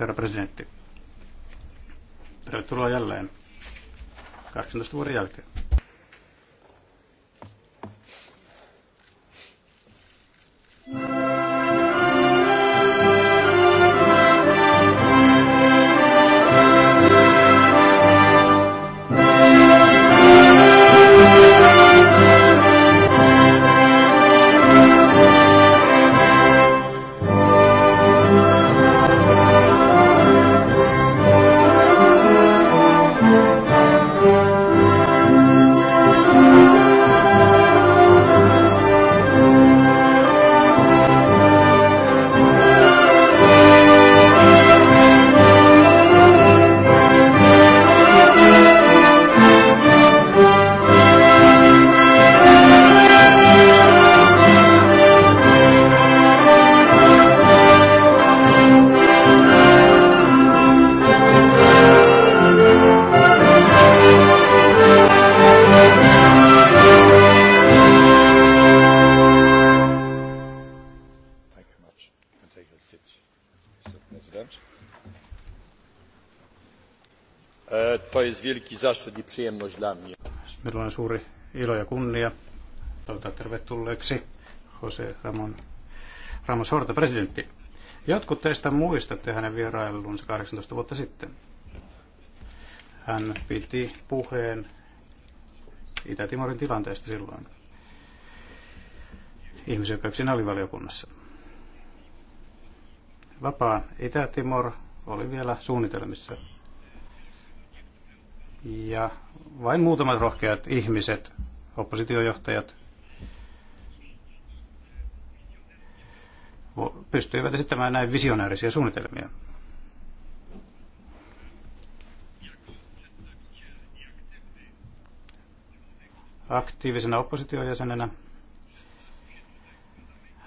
herra presidentti. Tervetuloa jälleen 18 vuoden jälkeen. zaszczyt i przyjemność dla mnie. Minulla on suuri ilo ja kunnia toivottaa tervetulleeksi Jose Ramon, Ramos Horta, presidentti. Jotkut teistä muistatte hänen vierailunsa 18 vuotta sitten. Hän piti puheen Itä-Timorin tilanteesta silloin ihmisoikeuksien alivaliokunnassa. Vapaa Itä-Timor oli vielä suunnitelmissa ja vain muutamat rohkeat ihmiset, oppositiojohtajat, pystyivät esittämään näin visionäärisiä suunnitelmia. Aktiivisena oppositiojäsenenä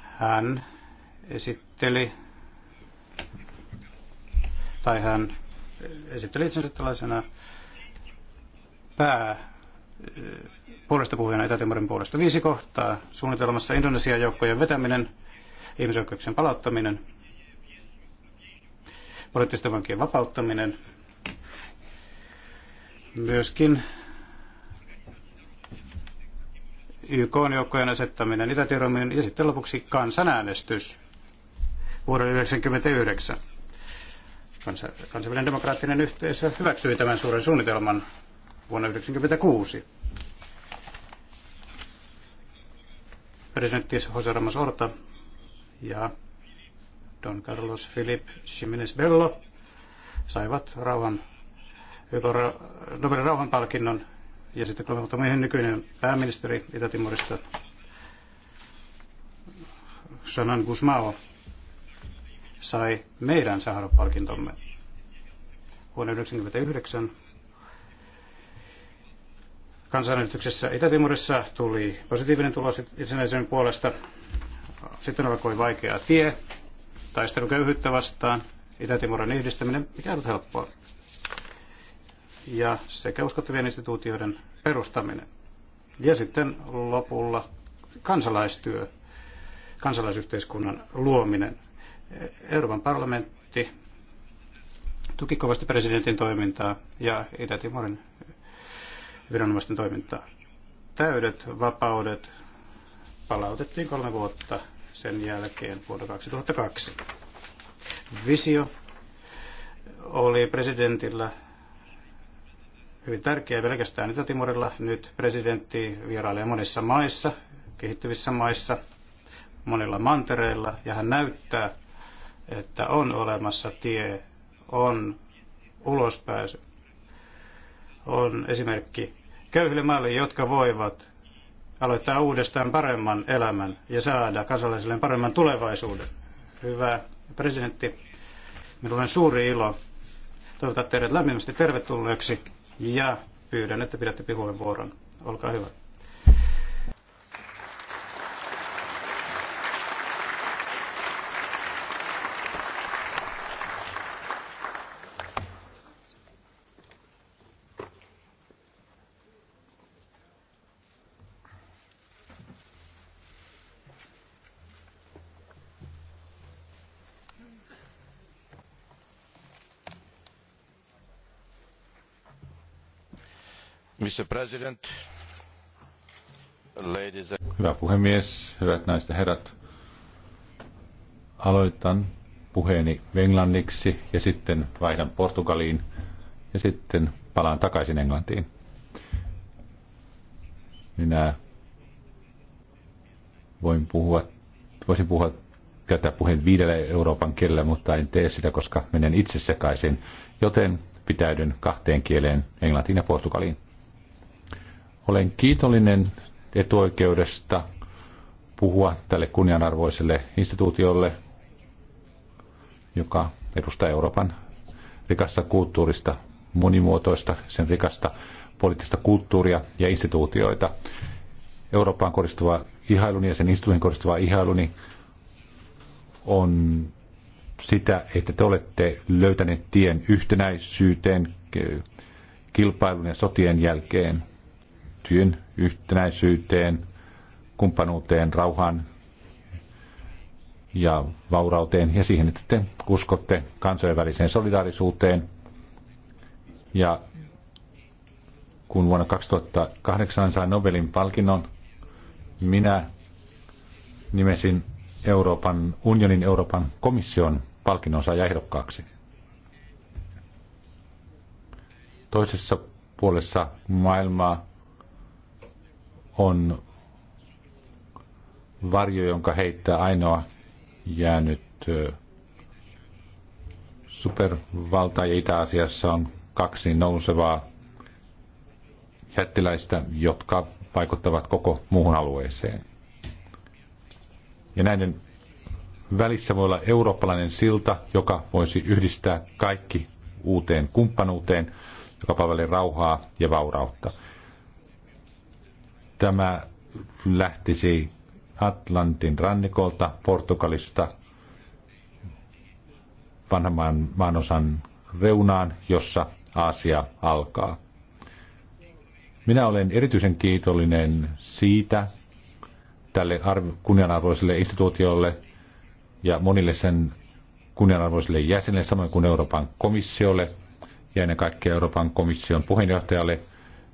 hän esitteli tai hän esitteli itsensä tällaisena pää eh, puolesta puhujana etä puolesta. Viisi kohtaa suunnitelmassa Indonesian joukkojen vetäminen, ihmisoikeuksien palauttaminen, poliittisten vankien vapauttaminen, myöskin YK-joukkojen asettaminen itä ja sitten lopuksi kansanäänestys vuoden 1999. Kansainvälinen demokraattinen yhteisö hyväksyi tämän suuren suunnitelman vuonna 1996. Presidentti José Ramos Horta ja Don Carlos Philip Jiménez Bello saivat rauhan, Nobelin rauhanpalkinnon ja sitten vuotta myöhemmin nykyinen pääministeri Itä-Timorista Sanan Gusmao sai meidän Saharov-palkintomme vuonna 1999 kansanäänestyksessä Itä-Timurissa tuli positiivinen tulos itsenäisyyden puolesta. Sitten alkoi vaikea tie, taistelu köyhyyttä vastaan, Itä-Timurin yhdistäminen, mikä ei ollut helppoa. Ja sekä uskottavien instituutioiden perustaminen. Ja sitten lopulla kansalaistyö, kansalaisyhteiskunnan luominen. Euroopan parlamentti tuki kovasti presidentin toimintaa ja Itä-Timorin viranomaisten toimintaa. Täydet vapaudet palautettiin kolme vuotta sen jälkeen vuonna 2002. Visio oli presidentillä hyvin tärkeä pelkästään Itä-Timorilla. Nyt presidentti vierailee monissa maissa, kehittyvissä maissa, monilla mantereilla, ja hän näyttää, että on olemassa tie, on ulospääsy, on esimerkki köyhille maille, jotka voivat aloittaa uudestaan paremman elämän ja saada kansalaisilleen paremman tulevaisuuden. Hyvä presidentti, minulla on suuri ilo toivottaa teidät lämpimästi tervetulleeksi ja pyydän, että pidätte puheenvuoron. Olkaa hyvä. Hyvä puhemies, hyvät naiset ja herrat. Aloitan puheeni englanniksi ja sitten vaihdan Portugaliin ja sitten palaan takaisin Englantiin. Minä voin puhua, voisin puhua käyttää puheen viidellä Euroopan kielellä, mutta en tee sitä, koska menen itse sekaisin. Joten pitäydyn kahteen kieleen, englantiin ja portugaliin. Olen kiitollinen etuoikeudesta puhua tälle kunnianarvoiselle instituutiolle, joka edustaa Euroopan rikasta kulttuurista, monimuotoista, sen rikasta poliittista kulttuuria ja instituutioita. Eurooppaan kohdistuva ihailuni ja sen instituutin kohdistuva ihailuni on sitä, että te olette löytäneet tien yhtenäisyyteen kilpailun ja sotien jälkeen työn yhtenäisyyteen, kumppanuuteen, rauhaan ja vaurauteen ja siihen, että te uskotte kansainväliseen solidaarisuuteen. Ja kun vuonna 2008 sain Nobelin palkinnon, minä nimesin Euroopan unionin Euroopan komission palkinnon saaja ehdokkaaksi. Toisessa puolessa maailmaa on varjo, jonka heittää ainoa jäänyt supervalta. Ja Itä-Asiassa on kaksi nousevaa jättiläistä, jotka vaikuttavat koko muuhun alueeseen. Ja näiden välissä voi olla eurooppalainen silta, joka voisi yhdistää kaikki uuteen kumppanuuteen, joka palvelee rauhaa ja vaurautta. Tämä lähtisi Atlantin rannikolta, Portugalista, vanhan maanosan reunaan, jossa Aasia alkaa. Minä olen erityisen kiitollinen siitä tälle kunnianarvoiselle instituutiolle ja monille sen kunnianarvoisille jäsenille, samoin kuin Euroopan komissiolle ja ennen kaikkea Euroopan komission puheenjohtajalle,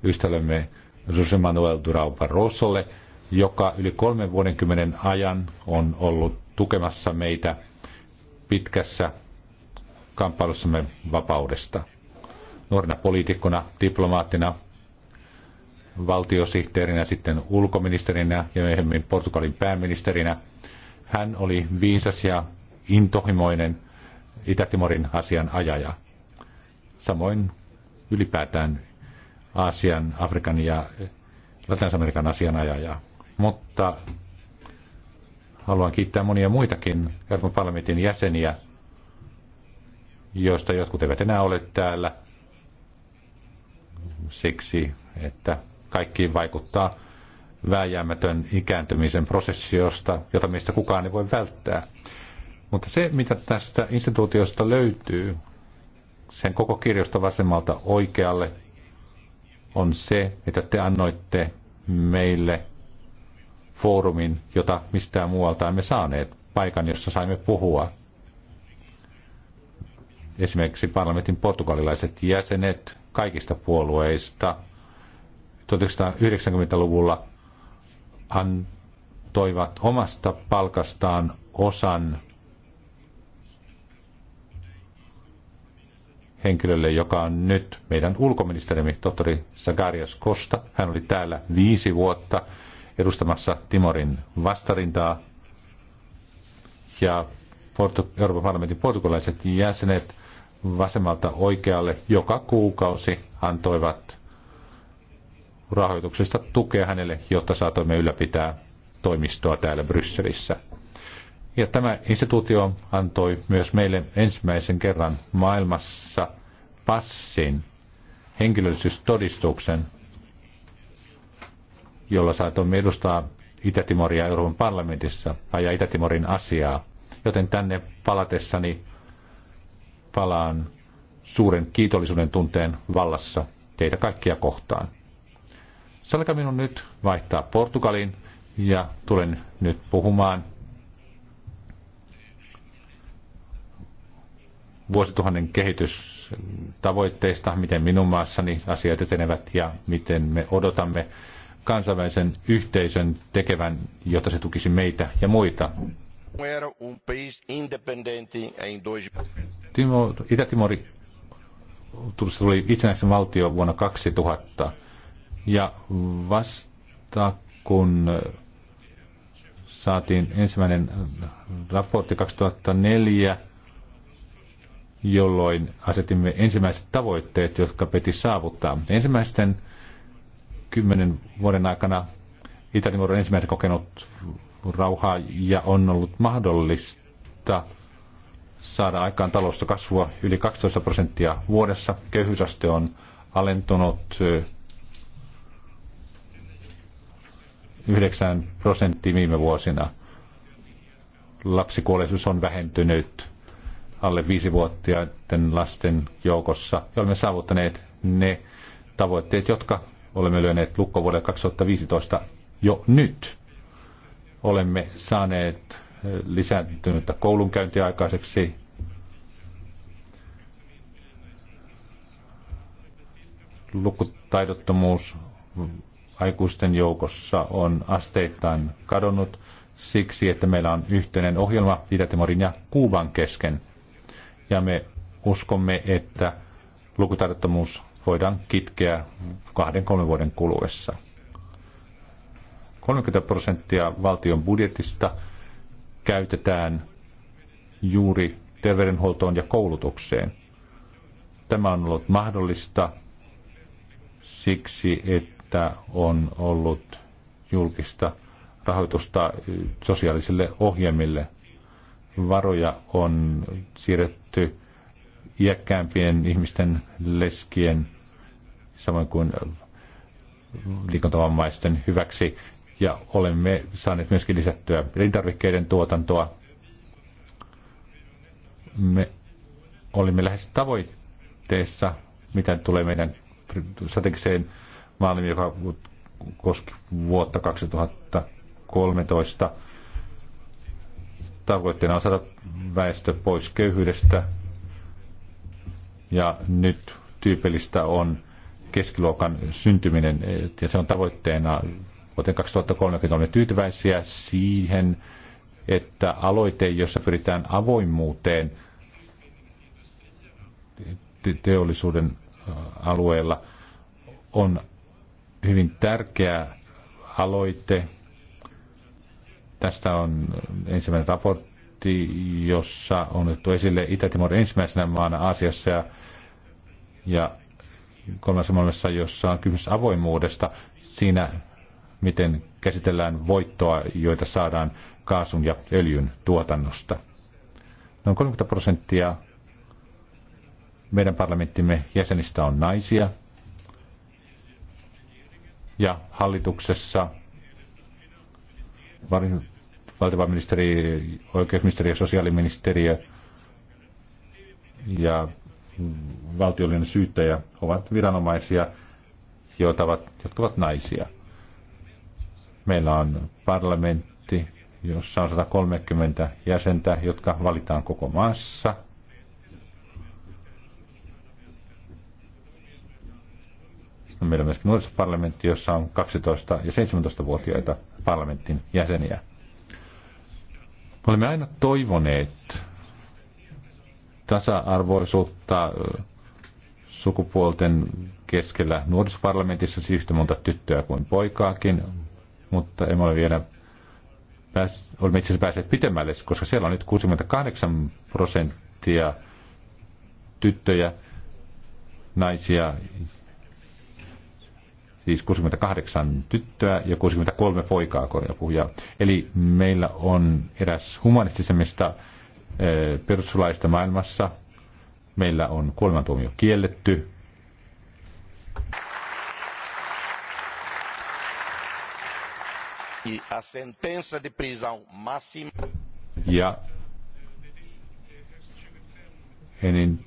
ystävämme José Manuel Durao Barrosolle, joka yli kolmen vuodenkymmenen ajan on ollut tukemassa meitä pitkässä kamppailussamme vapaudesta. Nuorena poliitikkona, diplomaattina, valtiosihteerinä, sitten ulkoministerinä ja myöhemmin Portugalin pääministerinä. Hän oli viisas ja intohimoinen Itä-Timorin asian ajaja. Samoin ylipäätään Aasian, Afrikan ja Latinsamerikan asianajajaa. Mutta haluan kiittää monia muitakin Euroopan parlamentin jäseniä, joista jotkut eivät enää ole täällä siksi, että kaikki vaikuttaa vääjäämätön ikääntymisen prosessiosta, jota meistä kukaan ei voi välttää. Mutta se, mitä tästä instituutiosta löytyy, sen koko kirjosta vasemmalta oikealle on se, että te annoitte meille foorumin, jota mistään muualta emme saaneet, paikan, jossa saimme puhua. Esimerkiksi parlamentin portugalilaiset jäsenet kaikista puolueista 1990-luvulla antoivat omasta palkastaan osan henkilölle, joka on nyt meidän ulkoministerimme, tohtori Sagarias Kosta. Hän oli täällä viisi vuotta edustamassa Timorin vastarintaa. Ja Euroopan parlamentin portugalaiset jäsenet vasemmalta oikealle joka kuukausi antoivat rahoituksesta tukea hänelle, jotta saatoimme ylläpitää toimistoa täällä Brysselissä. Ja tämä instituutio antoi myös meille ensimmäisen kerran maailmassa passin, henkilöllisyystodistuksen, jolla saatoimme edustaa Itä-Timoria Euroopan parlamentissa, ajaa Itä-Timorin asiaa. Joten tänne palatessani palaan suuren kiitollisuuden tunteen vallassa teitä kaikkia kohtaan. Salka minun nyt vaihtaa Portugaliin ja tulen nyt puhumaan vuosituhannen kehitystavoitteista, miten minun maassani asiat etenevät ja miten me odotamme kansainvälisen yhteisön tekevän, jotta se tukisi meitä ja muita. Um Timo, Itä-Timori tuli itsenäisen valtio vuonna 2000 ja vasta kun saatiin ensimmäinen raportti 2004, jolloin asetimme ensimmäiset tavoitteet, jotka piti saavuttaa. Ensimmäisten kymmenen vuoden aikana Itä-Timor on ensimmäisen kokenut rauhaa ja on ollut mahdollista saada aikaan talousta kasvua yli 12 prosenttia vuodessa. Köyhyysaste on alentunut 9 eh, prosenttia viime vuosina. Lapsikuolleisuus on vähentynyt alle viisivuotiaiden lasten joukossa. Ja olemme saavuttaneet ne tavoitteet, jotka olemme lyöneet lukkovuodelle 2015 jo nyt. Olemme saaneet eh, lisääntynyttä koulunkäyntiä aikaiseksi. Lukutaidottomuus aikuisten joukossa on asteittain kadonnut siksi, että meillä on yhteinen ohjelma Itä-Timorin ja Kuuban kesken ja me uskomme, että lukutaidottomuus voidaan kitkeä kahden kolmen vuoden kuluessa. 30 prosenttia valtion budjetista käytetään juuri terveydenhuoltoon ja koulutukseen. Tämä on ollut mahdollista siksi, että on ollut julkista rahoitusta sosiaalisille ohjelmille. Varoja on siirretty käytetty iäkkäämpien ihmisten, leskien, samoin kuin liikuntavammaisten hyväksi. Ja olemme saaneet myöskin lisättyä elintarvikkeiden tuotantoa. Me olimme lähes tavoitteessa, mitä tulee meidän strategiseen maaliin, joka koski vuotta 2013 tavoitteena on saada väestö pois köyhyydestä. Ja nyt tyypillistä on keskiluokan syntyminen, ja se on tavoitteena vuoteen 2030 olemme tyytyväisiä siihen, että aloite, jossa pyritään avoimuuteen teollisuuden alueella, on hyvin tärkeä aloite, Tästä on ensimmäinen raportti, jossa on otettu esille Itä-Timor ensimmäisenä maana Aasiassa ja, ja kolmessa maailmassa, jossa on kysymys avoimuudesta siinä, miten käsitellään voittoa, joita saadaan kaasun ja öljyn tuotannosta. Noin 30 prosenttia meidän parlamenttimme jäsenistä on naisia. Ja hallituksessa valtiovarainministeri, oikeusministeriö, sosiaaliministeriö ja valtiollinen syyttäjä ovat viranomaisia, joita ovat, jotka ovat naisia. Meillä on parlamentti, jossa on 130 jäsentä, jotka valitaan koko maassa. Meillä on myös nuorisoparlamentti, jossa on 12- ja 17-vuotiaita parlamentin jäseniä. Me olemme aina toivoneet tasa-arvoisuutta sukupuolten keskellä nuorisoparlamentissa siis yhtä monta tyttöä kuin poikaakin, mutta emme ole vielä pääs, olemme itse asiassa päässeet pitemmälle, koska siellä on nyt 68 prosenttia tyttöjä, naisia siis 68 tyttöä ja 63 poikaa korjaa puhuja. Eli meillä on eräs humanistisemmista eh, perustuslaista maailmassa. Meillä on kuolemantuomio kielletty. Ja e de prisão massima. Ja enin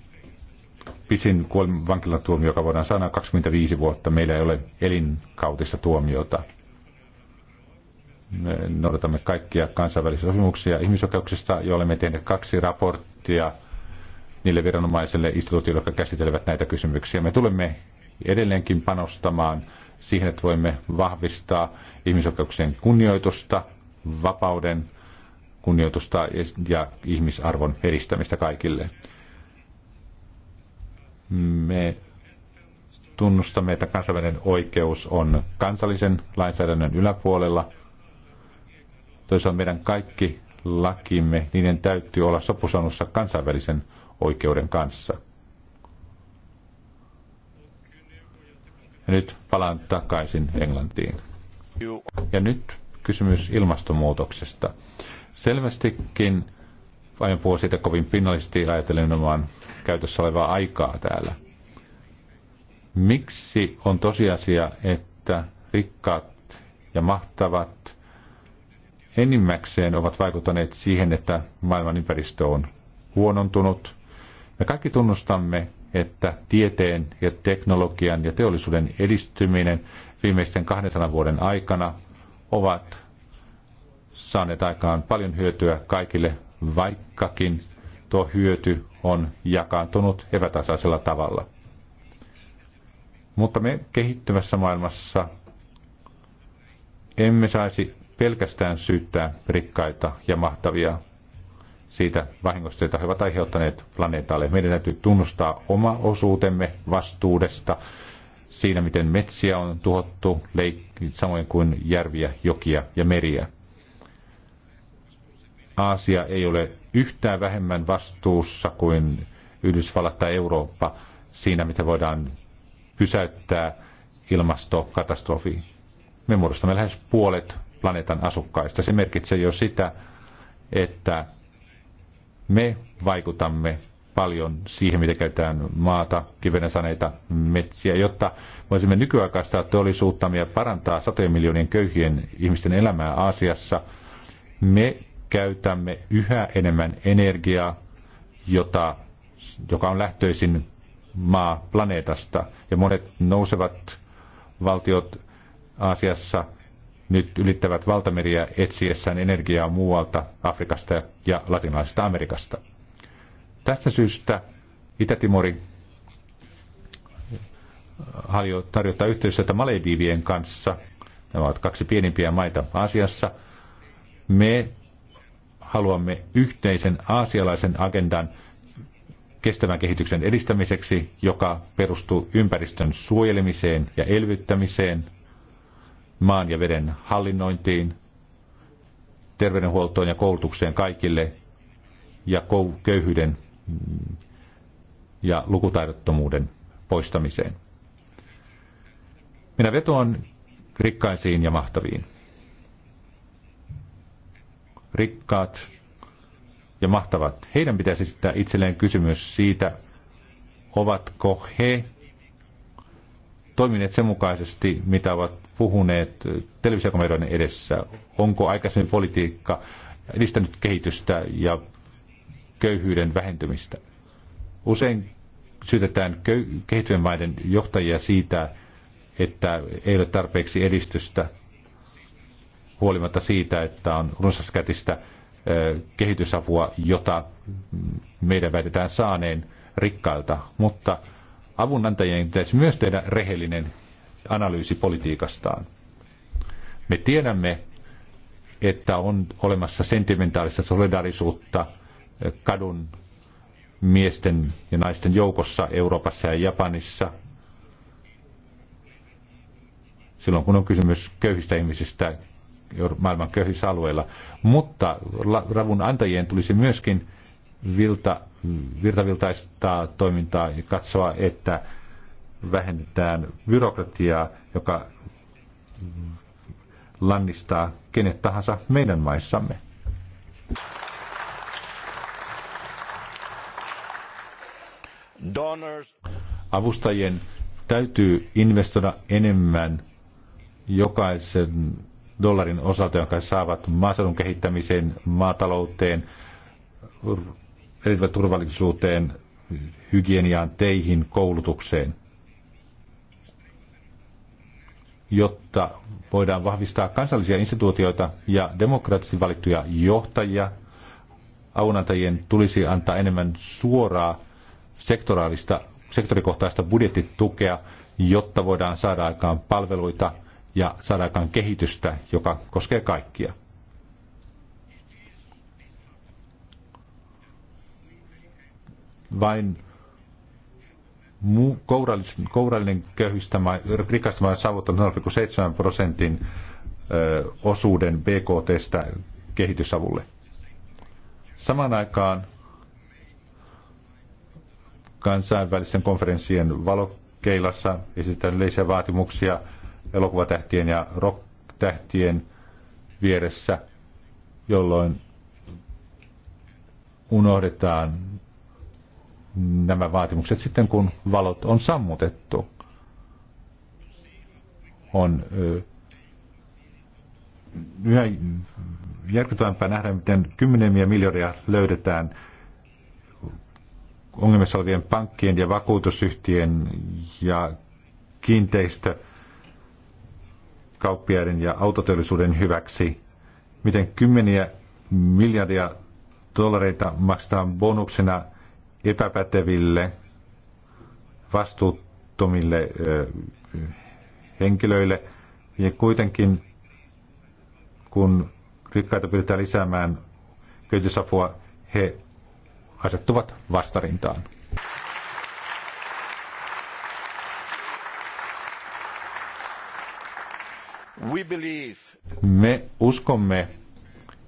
pisin vankilatuomio, joka voidaan saada 25 vuotta. Meillä ei ole elinkautista tuomiota. Me noudatamme kaikkia kansainvälisiä sopimuksia ihmisoikeuksista, joille me tehneet kaksi raporttia niille viranomaisille instituutioille, jotka käsittelevät näitä kysymyksiä. Me tulemme edelleenkin panostamaan siihen, että voimme vahvistaa ihmisoikeuksien kunnioitusta, vapauden kunnioitusta ja ihmisarvon edistämistä kaikille. Me tunnustamme, että kansainvälinen oikeus on kansallisen lainsäädännön yläpuolella. Toisaalta meidän kaikki lakimme, niiden täytyy olla sopusanussa kansainvälisen oikeuden kanssa. Ja nyt palaan takaisin Englantiin. Ja nyt kysymys ilmastonmuutoksesta. Selvästikin aion puhua siitä kovin pinnallisesti ajatellen omaan käytössä olevaa aikaa täällä. Miksi on tosiasia, että rikkaat ja mahtavat enimmäkseen ovat vaikuttaneet siihen, että maailman ympäristö on huonontunut? Me kaikki tunnustamme, että tieteen ja teknologian ja teollisuuden edistyminen viimeisten 200 vuoden aikana ovat saaneet aikaan paljon hyötyä kaikille, vaikkakin tuo hyöty on jakaantunut epätasaisella tavalla. Mutta me kehittyvässä maailmassa emme saisi pelkästään syyttää rikkaita ja mahtavia siitä vahingosta, jota he ovat aiheuttaneet planeetalle. Meidän täytyy tunnustaa oma osuutemme vastuudesta siinä, miten metsiä on tuhottu, leik- samoin kuin järviä, jokia ja meriä. Aasia ei ole yhtään vähemmän vastuussa kuin Yhdysvallat tai Eurooppa siinä, mitä voidaan pysäyttää ilmastokatastrofi. Me muodostamme lähes puolet planeetan asukkaista. Se merkitsee jo sitä, että me vaikutamme paljon siihen, miten käytetään maata, kivenesaneita, metsiä, jotta voisimme nykyaikaistaa teollisuuttamme ja parantaa satojen miljoonien köyhien ihmisten elämää Aasiassa. Me käytämme yhä enemmän energiaa, jota, joka on lähtöisin maa planeetasta. Ja monet nousevat valtiot Aasiassa nyt ylittävät valtameriä etsiessään energiaa muualta Afrikasta ja latinalaisesta Amerikasta. Tästä syystä Itä-Timori tarjottaa yhteistyötä Malediivien kanssa. Nämä ovat kaksi pienimpiä maita Aasiassa. Me haluamme yhteisen aasialaisen agendan kestävän kehityksen edistämiseksi, joka perustuu ympäristön suojelemiseen ja elvyttämiseen, maan ja veden hallinnointiin, terveydenhuoltoon ja koulutukseen kaikille ja köyhyyden ja lukutaidottomuuden poistamiseen. Minä vetoan rikkaisiin ja mahtaviin rikkaat ja mahtavat. Heidän pitäisi esittää itselleen kysymys siitä, ovatko he toimineet sen mukaisesti, mitä ovat puhuneet televisiokameroiden edessä. Onko aikaisemmin politiikka edistänyt kehitystä ja köyhyyden vähentymistä? Usein syytetään kehittyvien maiden johtajia siitä, että ei ole tarpeeksi edistystä huolimatta siitä, että on runsaskätistä kehitysapua, jota meidän väitetään saaneen rikkailta. Mutta avunantajien pitäisi myös tehdä rehellinen analyysi politiikastaan. Me tiedämme, että on olemassa sentimentaalista solidaarisuutta kadun miesten ja naisten joukossa Euroopassa ja Japanissa. Silloin kun on kysymys köyhistä ihmisistä, maailman köyhissä alueilla. Mutta ravun antajien tulisi myöskin virta virtavirtaistaa toimintaa ja katsoa, että vähennetään byrokratiaa, joka lannistaa kenet tahansa meidän maissamme. Donors. Avustajien täytyy investoida enemmän jokaisen dollarin osalta, jonka saavat maaseudun kehittämiseen, maatalouteen, turvallisuuteen, hygieniaan, teihin, koulutukseen, jotta voidaan vahvistaa kansallisia instituutioita ja demokraattisesti valittuja johtajia. Avunantajien tulisi antaa enemmän suoraa sektoraalista, sektorikohtaista budjettitukea, jotta voidaan saada aikaan palveluita, ja saada aikaan kehitystä, joka koskee kaikkia. Vain kourallinen, kourallinen köyhistä rikasta maa saavuttanut 0,7 prosentin ö, osuuden BKTstä kehitysavulle. Samaan aikaan kansainvälisten konferenssien valokeilassa esitetään yleisiä vaatimuksia – elokuvatähtien ja rocktähtien vieressä, jolloin unohdetaan nämä vaatimukset sitten, kun valot on sammutettu. On yhä järkyttävämpää nähdä, miten kymmeniä miljardia löydetään ongelmissa olevien pankkien ja vakuutusyhtiön ja kiinteistö- kauppiaiden ja autoteollisuuden hyväksi, miten kymmeniä miljardia dollareita maksetaan bonuksena epäpäteville, vastuuttomille henkilöille, ja kuitenkin kun rikkaita pyritään lisäämään kehitysapua, he asettuvat vastarintaan. Me uskomme,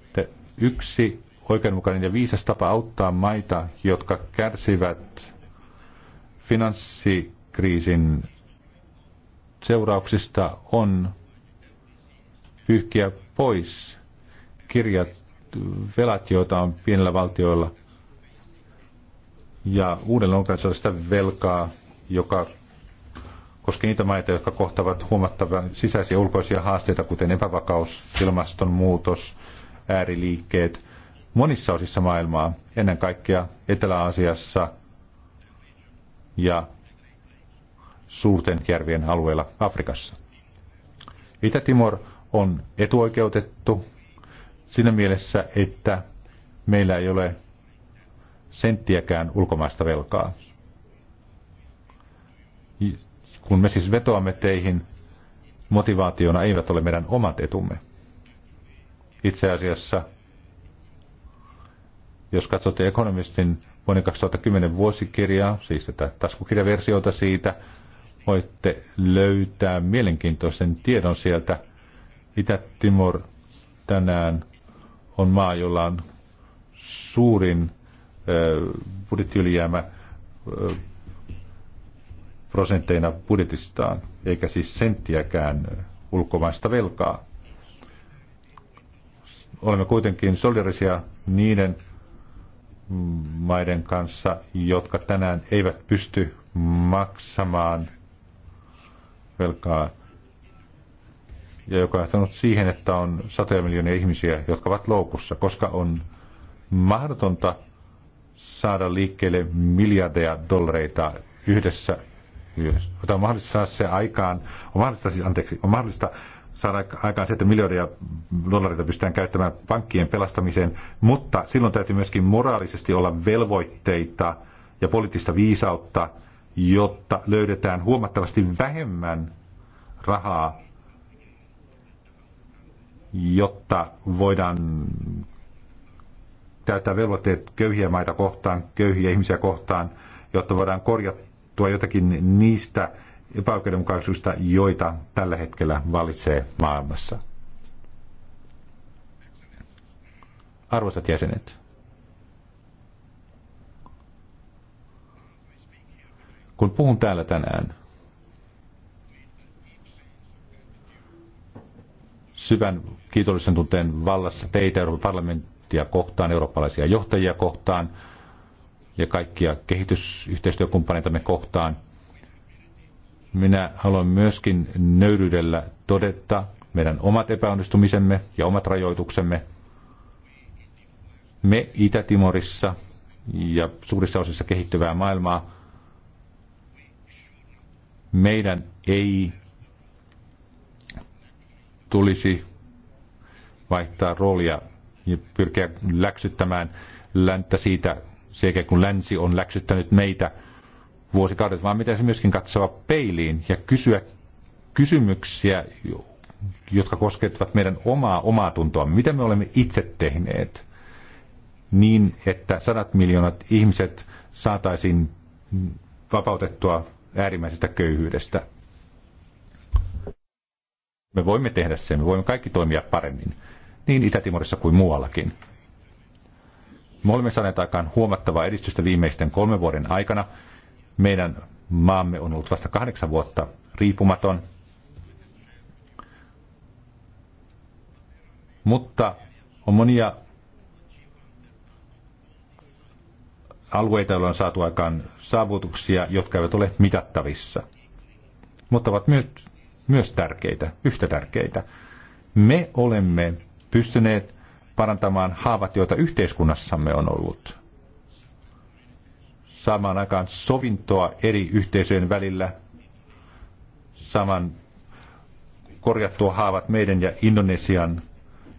että yksi oikeudenmukainen ja viisas tapa auttaa maita, jotka kärsivät finanssikriisin seurauksista, on pyyhkiä pois kirjat, velat, joita on pienillä valtioilla, ja uudelleen sitä velkaa, joka koski niitä maita, jotka kohtavat huomattavia sisäisiä ulkoisia haasteita, kuten epävakaus, ilmastonmuutos, ääriliikkeet, monissa osissa maailmaa, ennen kaikkea Etelä-Aasiassa ja suurten järvien alueilla Afrikassa. Itä-Timor on etuoikeutettu siinä mielessä, että meillä ei ole senttiäkään ulkomaista velkaa kun me siis vetoamme teihin, motivaationa eivät ole meidän omat etumme. Itse asiassa, jos katsotte ekonomistin vuoden 2010 vuosikirjaa, siis tätä taskukirjaversiota siitä, voitte löytää mielenkiintoisen tiedon sieltä. Itä-Timor tänään on maa, jolla on suurin budjettiylijäämä prosentteina budjetistaan, eikä siis senttiäkään ulkomaista velkaa. Olemme kuitenkin solidarisia niiden maiden kanssa, jotka tänään eivät pysty maksamaan velkaa ja joka on johtanut siihen, että on satoja miljoonia ihmisiä, jotka ovat loukussa, koska on mahdotonta saada liikkeelle miljardeja dollareita yhdessä myös. Mutta on mahdollista saada se aikaan, on mahdollista, siis, anteeksi, on mahdollista saada aikaan se, että miljardia dollareita pystytään käyttämään pankkien pelastamiseen, mutta silloin täytyy myöskin moraalisesti olla velvoitteita ja poliittista viisautta, jotta löydetään huomattavasti vähemmän rahaa, jotta voidaan täyttää velvoitteet köyhiä maita kohtaan, köyhiä ihmisiä kohtaan, jotta voidaan korjata tuo jotakin niistä epäoikeudenmukaisuista, joita tällä hetkellä valitsee maailmassa. Arvoisat jäsenet, kun puhun täällä tänään, syvän kiitollisen tunteen vallassa teitä Euroopan parlamenttia kohtaan, eurooppalaisia johtajia kohtaan, ja kaikkia kehitysyhteistyökumppaneitamme kohtaan. Minä haluan myöskin nöyryydellä todetta meidän omat epäonnistumisemme ja omat rajoituksemme. Me Itä-Timorissa ja suurissa osissa kehittyvää maailmaa, meidän ei tulisi vaihtaa roolia ja pyrkiä läksyttämään länttä siitä, sekä kun länsi on läksyttänyt meitä vuosikaudet, vaan pitäisi myöskin katsoa peiliin ja kysyä kysymyksiä, jotka koskettavat meidän omaa omaa tuntoa. Mitä me olemme itse tehneet niin, että sadat miljoonat ihmiset saataisiin vapautettua äärimmäisestä köyhyydestä? Me voimme tehdä sen, me voimme kaikki toimia paremmin, niin Itä-Timorissa kuin muuallakin. Me olemme saaneet aikaan huomattavaa edistystä viimeisten kolmen vuoden aikana. Meidän maamme on ollut vasta kahdeksan vuotta riippumaton. Mutta on monia alueita, joilla on saatu aikaan saavutuksia, jotka eivät ole mitattavissa, mutta ovat myös, myös tärkeitä, yhtä tärkeitä. Me olemme pystyneet parantamaan haavat, joita yhteiskunnassamme on ollut. Saamaan aikaan sovintoa eri yhteisöjen välillä, saman korjattua haavat meidän ja Indonesian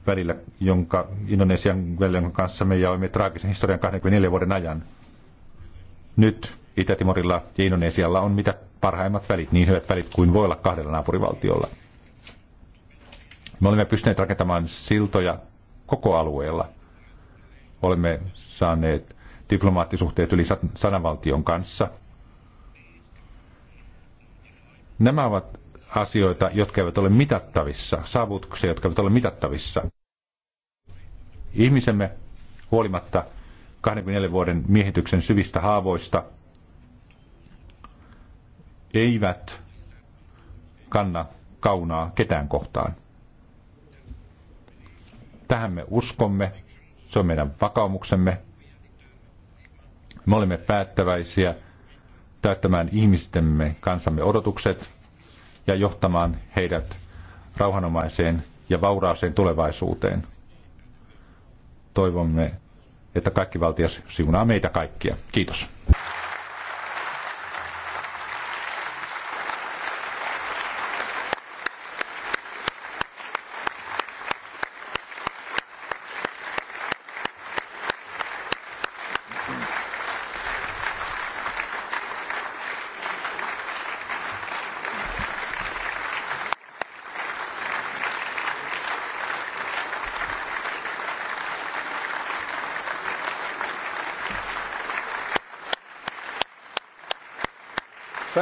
välillä, jonka Indonesian välillä, jonka kanssa me jaoimme traagisen historian 24 vuoden ajan. Nyt Itä-Timorilla ja Indonesialla on mitä parhaimmat välit, niin hyvät välit kuin voi olla kahdella naapurivaltiolla. Me olemme pystyneet rakentamaan siltoja koko alueella. Olemme saaneet diplomaattisuhteet yli sanavaltion kanssa. Nämä ovat asioita, jotka eivät ole mitattavissa, saavutuksia, jotka eivät ole mitattavissa. Ihmisemme huolimatta 24 vuoden miehityksen syvistä haavoista eivät kanna kaunaa ketään kohtaan. Tähän me uskomme, se on meidän vakaumuksemme. Me olemme päättäväisiä täyttämään ihmistemme kansamme odotukset ja johtamaan heidät rauhanomaiseen ja vauraaseen tulevaisuuteen. Toivomme, että kaikki valtias siunaa meitä kaikkia. Kiitos.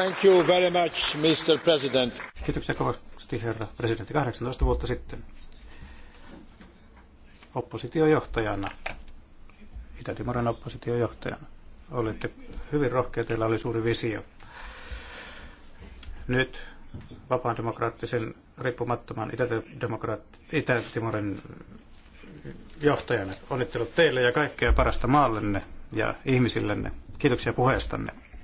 Thank you very much, Mr. President. Kiitoksia kovasti, herra presidentti. 18 vuotta sitten oppositiojohtajana, Itä-Timoren oppositiojohtajana. Olitte hyvin rohkea, teillä oli suuri visio. Nyt vapaan demokraattisen riippumattoman Itä-Timoren johtajana. Onnittelut teille ja kaikkea parasta maallenne ja ihmisillenne. Kiitoksia puheestanne.